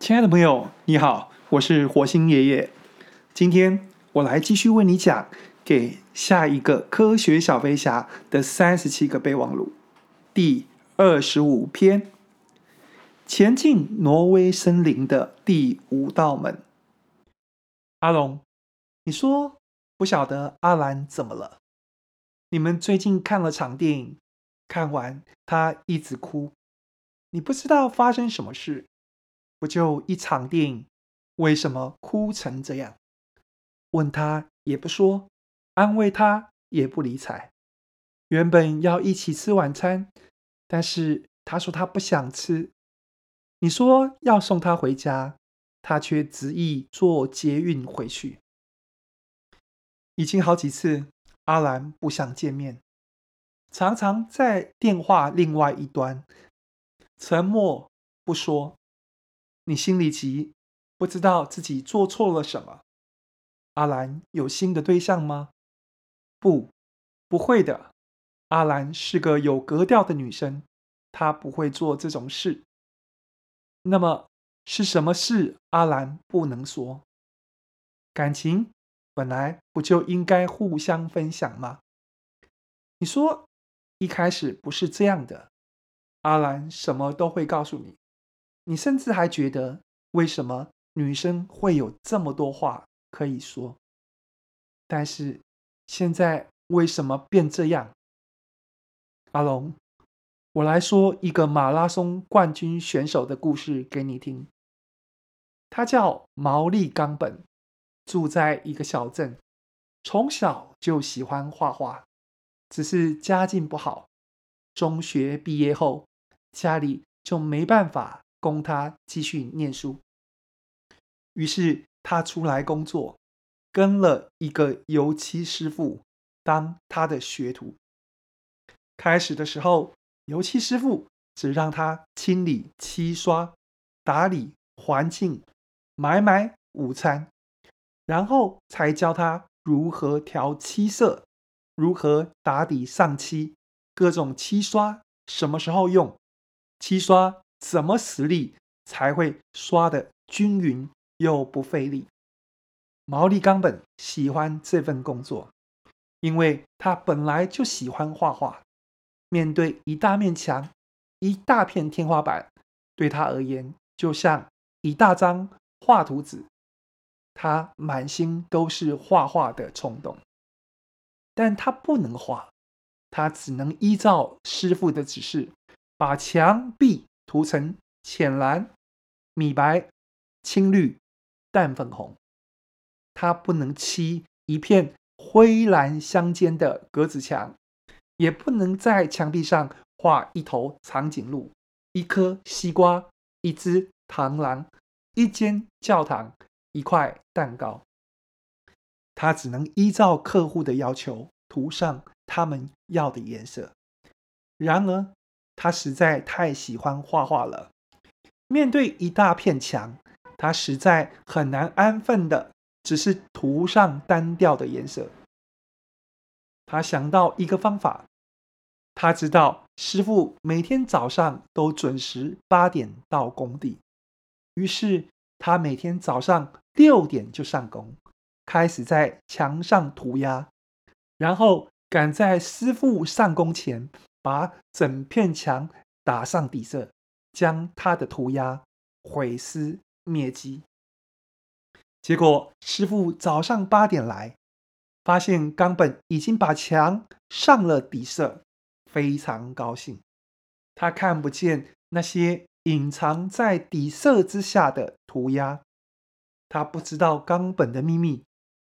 親愛的朋友，你好，我是火星爺爺。今天我來繼續為你講給下一個科學小飛俠的三十七個備忘錄，第二十五篇：前進挪威森林的第五道門。阿龍，你說不曉得阿蘭怎麼了？你們最近看了場電影，看完她一直哭，你不知道發生什麼事。不就一場電影？為什麼哭成這樣？問他也不說，安慰他也不理睬。原本要一起吃晚餐，但是他說他不想吃。你說要送他回家，他卻執意坐捷運回去。已經好幾次，阿蘭不想見面，常常在電話另外一端沉默不說。你心裡急，不知道自己做錯了什麼。阿蘭有新的對象嗎？不，不會的。阿蘭是個有格調的女生，她不會做這種事。那麼是什麼事阿蘭不能說？感情本來不就應該互相分享嗎？你說，一開始不是這樣的，阿蘭什麼都會告訴你。你甚至還覺得，為什麼女生會有這麼多話可以說？但是現在為什麼變這樣？阿龍，我來說一個馬拉松冠軍選手的故事給你聽。他叫毛利岡本，住在一個小鎮，從小就喜歡畫畫，只是家境不好，中學畢業後，家裡就沒辦法供他繼續念書，於是他出來工作，跟了一個油漆師傅當他的學徒。開始的時候，油漆師傅只讓他清理漆刷、打理環境、買買午餐，然後才教他如何調漆色、如何打底上漆、各種漆刷什麼時候用、漆刷。怎麼使力才會刷得均勻又不費力？毛利鋼本喜歡這份工作，因為他本來就喜歡畫畫。面對一大面牆、一大片天花板，對他而言就像一大張畫圖紙，他滿心都是畫畫的衝動。但他不能畫，他只能依照師傅的指示把牆壁。塗成淺藍、米白、青綠、淡粉紅。它不能漆一片灰藍相間的格子牆，也不能在牆壁上畫一頭長頸鹿、一顆西瓜、一隻螳螂、一間教堂、一塊蛋糕。它只能依照客戶的要求塗上他們要的顏色。然而。他實在太喜歡畫畫了。面對一大片牆，他實在很難安分的，只是塗上單調的顏色。他想到一個方法，他知道師傅每天早上都準時八點到工地，於是他每天早上六點就上工，開始在牆上塗鴉，然後趕在師傅上工前。把整片牆打上底色，將他的塗鴉毀屍滅跡。結果師傅早上八點來，發現岡本已經把牆上了底色，非常高興。他看不見那些隱藏在底色之下的塗鴉，他不知道岡本的秘密，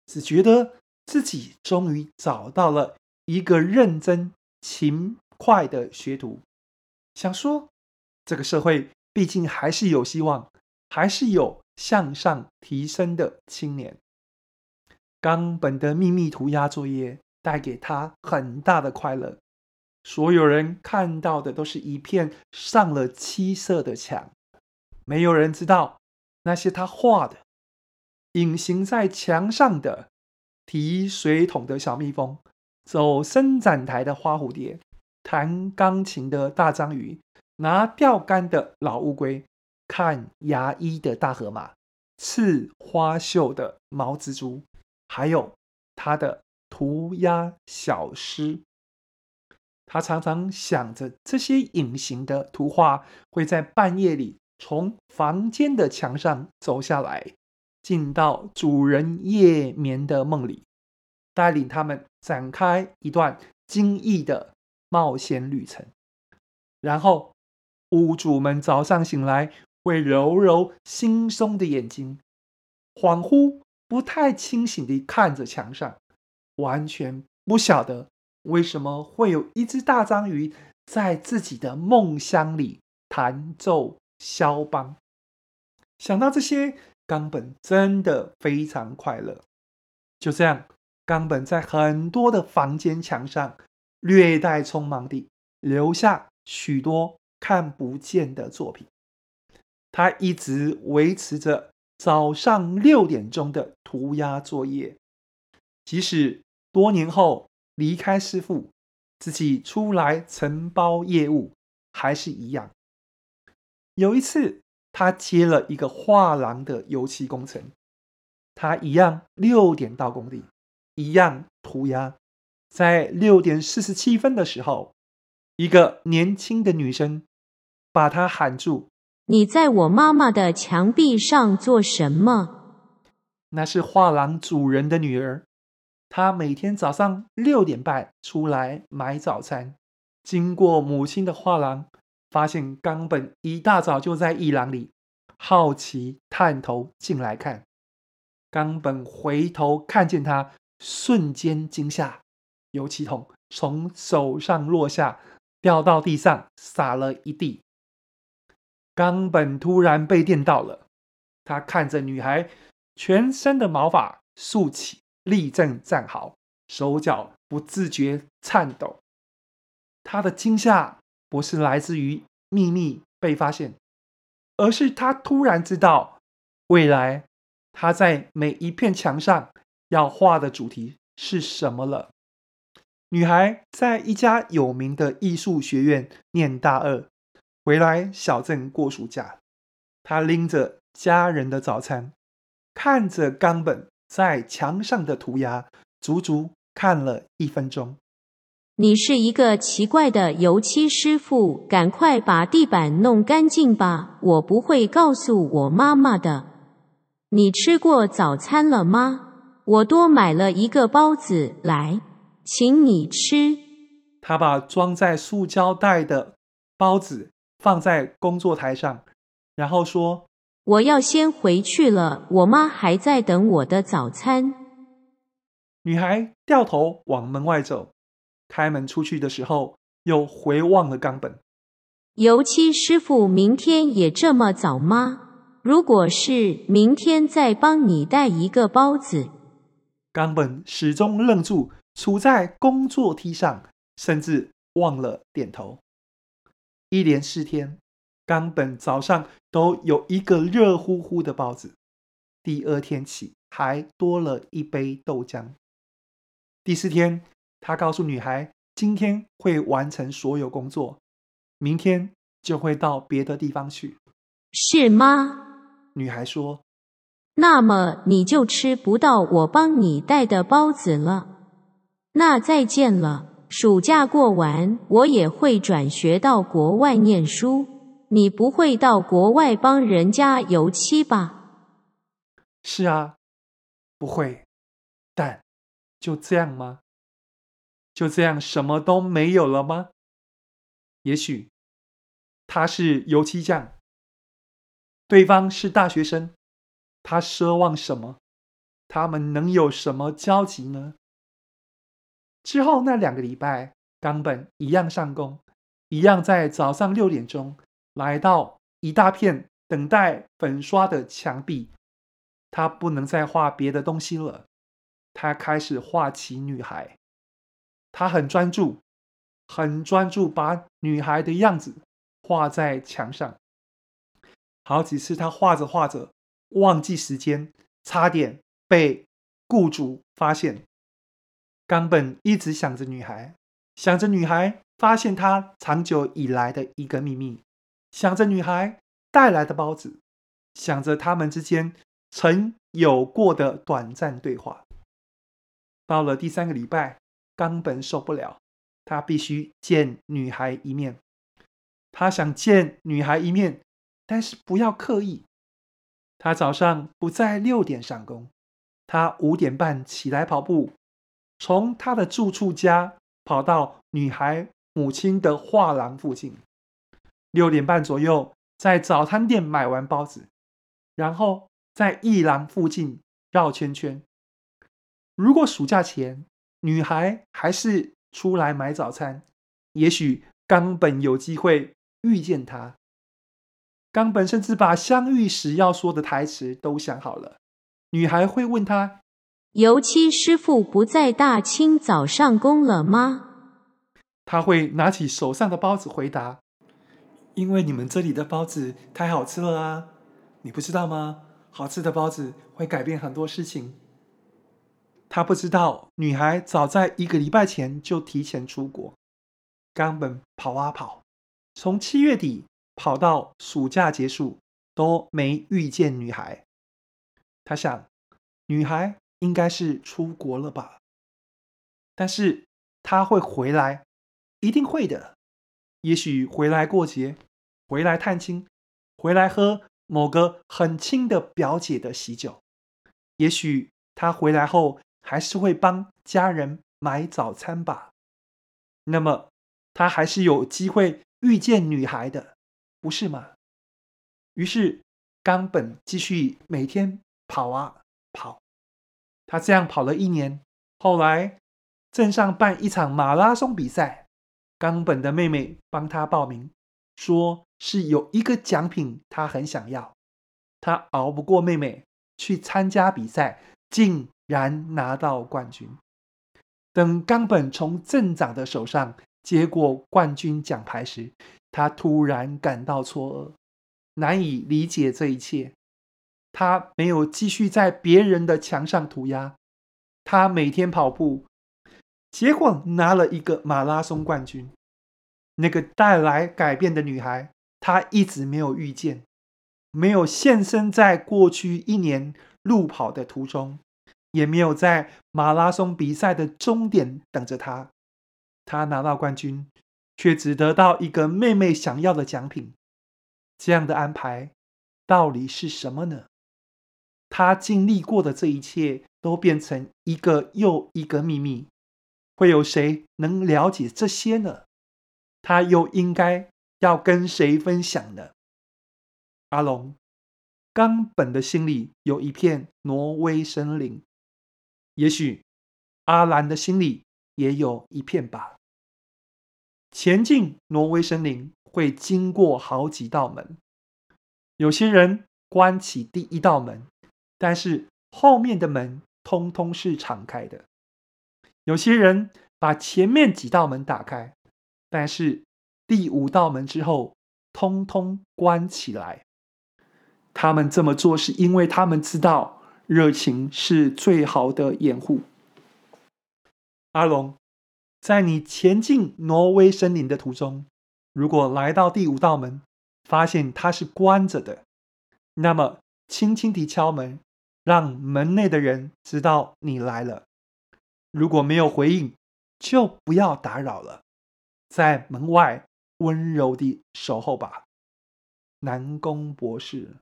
只覺得自己終於找到了一個認真勤。快的學徒，想說，這個社會畢竟還是有希望，還是有向上提升的青年。岡本的秘密塗鴉作業帶給他很大的快樂。所有人看到的都是一片上了漆色的牆，沒有人知道那些他畫的、隱形在牆上的、提水桶的小蜜蜂，走伸展台的花蝴蝶。彈鋼琴的大章魚，拿釣竿的老烏龜，看牙醫的大河馬，刺花繡的毛蜘蛛，還有他的塗鴉小獅。他常常想着這些隱形的圖畫會在半夜裡從房間的牆上走下來，進到主人夜眠的夢裡，帶領他們展開一段驚異的。冒險旅程。然後，屋主們早上醒來，會揉揉惺忪的眼睛，恍惚、不太清醒地看着牆上，完全不曉得為什麼會有一隻大章魚在自己的夢鄉裡彈奏肖邦。想到這些，岡本真的非常快樂。就這樣，岡本在很多的房間牆上。略帶匆忙地留下許多看不見的作品。他一直維持着早上六點鐘的塗鴉作業，即使多年後離開師傅，自己出來承包業務，還是一樣。有一次，他接了一個畫廊的油漆工程，他一樣六點到工地，一樣塗鴉。在六點四十七分的時候，一個年輕的女生把他喊住：“你在我媽媽的牆壁上做什麼？”那是畫廊主人的女兒，她每天早上六點半出來買早餐，經過母親的畫廊，發現岡本一大早就在一廊裡，好奇探頭進來看。岡本回頭看見她，瞬間驚嚇。油漆桶從手上落下，掉到地上，灑了一地。岡本突然被電到了，他看着女孩，全身的毛髮豎起，立正站好，手腳不自覺顫抖。他的驚嚇不是來自於祕密被發現，而是他突然知道未來他在每一片牆上要畫的主題是什麼了。女孩在一家有名的藝術學院念大二，回來小鎮過暑假。她拎着家人的早餐，看着岡本在牆上的塗鴉，足足看了一分鐘。你是一個奇怪的油漆師傅，趕快把地板弄乾淨吧。我不會告訴我媽媽的。你吃過早餐了嗎？我多買了一個包子來。請你吃。她把裝在塑膠袋的包子放在工作台上，然後說：“我要先回去了，我媽還在等我的早餐。”女孩掉頭往門外走，開門出去的時候又回望了岡本。油漆師傅明天也這麼早嗎？如果是明天，再幫你帶一個包子。岡本始終愣住。處在工作梯上，甚至忘了點頭。一連四天，岡本早上都有一個熱乎乎的包子。第二天起，還多了一杯豆漿。第四天，他告訴女孩：“今天會完成所有工作，明天就會到別的地方去。”是嗎？女孩說：“那麼你就吃不到我幫你帶的包子了。”那再見了。暑假過完，我也會轉學到國外念書。你不會到國外幫人家油漆吧？是啊，不會。但就這樣嗎？就這樣什麼都沒有了嗎？也許他是油漆匠，對方是大學生，他奢望什麼？他們能有什麼交集呢？之後那兩個禮拜，岡本一樣上工，一樣在早上六點鐘來到一大片等待粉刷的牆壁。他不能再畫別的東西了，他開始畫起女孩。他很專注，很專注把女孩的樣子畫在牆上。好幾次他畫着畫着，忘記時間，差點被僱主發現。岡本一直想着女孩，想着女孩發現他長久以來的一個秘密，想着女孩帶來的包子，想着他們之間曾有過的短暫對話。到了第三個禮拜，岡本受不了，他必須見女孩一面。他想見女孩一面，但是不要刻意。他早上不在六點上工，他五點半起來跑步。從他的住處家跑到女孩母親的畫廊附近，六點半左右在早餐店買完包子，然後在藝廊附近繞圈圈。如果暑假前女孩還是出來買早餐，也許岡本有機會遇見她。岡本甚至把相遇時要說的台詞都想好了。女孩會問他。油漆師傅不在大清早上工了嗎？他會拿起手上的包子回答：“因為你們這裡的包子太好吃了啊，你不知道嗎？好吃的包子會改變很多事情。”他不知道，女孩早在一個禮拜前就提前出國，岡本跑啊跑，從七月底跑到暑假結束都沒遇見女孩。他想，女孩。應該是出國了吧，但是他會回來，一定會的。也許回來過節，回來探親，回來喝某個很親的表姐的喜酒。也許他回來後還是會幫家人買早餐吧。那麼他還是有機會遇見女孩的，不是嗎？於是岡本繼續每天跑啊跑。他這樣跑了一年，後來鎮上辦一場馬拉松比賽，岡本的妹妹幫他報名，說是有一個獎品他很想要。他熬不過妹妹去參加比賽，竟然拿到冠軍。等岡本從鎮長的手上接過冠軍獎牌時，他突然感到錯愕，難以理解這一切。他沒有繼續在別人的牆上塗鴉，他每天跑步，結果拿了一個馬拉松冠軍。那個帶來改變的女孩，他一直沒有遇見，沒有現身在過去一年路跑的途中，也沒有在馬拉松比賽的終點等着他。他拿到冠軍，卻只得到一個妹妹想要的獎品。這樣的安排，到底是什麼呢？他經歷過的這一切都變成一個又一個祕密，會有誰能了解這些呢？他又應該要跟誰分享呢？阿龍，岡本的心裡有一片挪威森林，也許阿蘭的心裡也有一片吧。前進挪威森林會經過好幾道門，有些人關起第一道門。但是後面的門通通是敞開的，有些人把前面幾道門打開，但是第五道門之後通通關起來。他們這麼做是因為他們知道熱情是最好的掩護。阿龍，在你前進挪威森林的途中，如果來到第五道門，發現它是關着的，那麼輕輕地敲門。讓門內的人知道你來了。如果沒有回應，就不要打擾了，在門外溫柔地守候吧。南宮博士。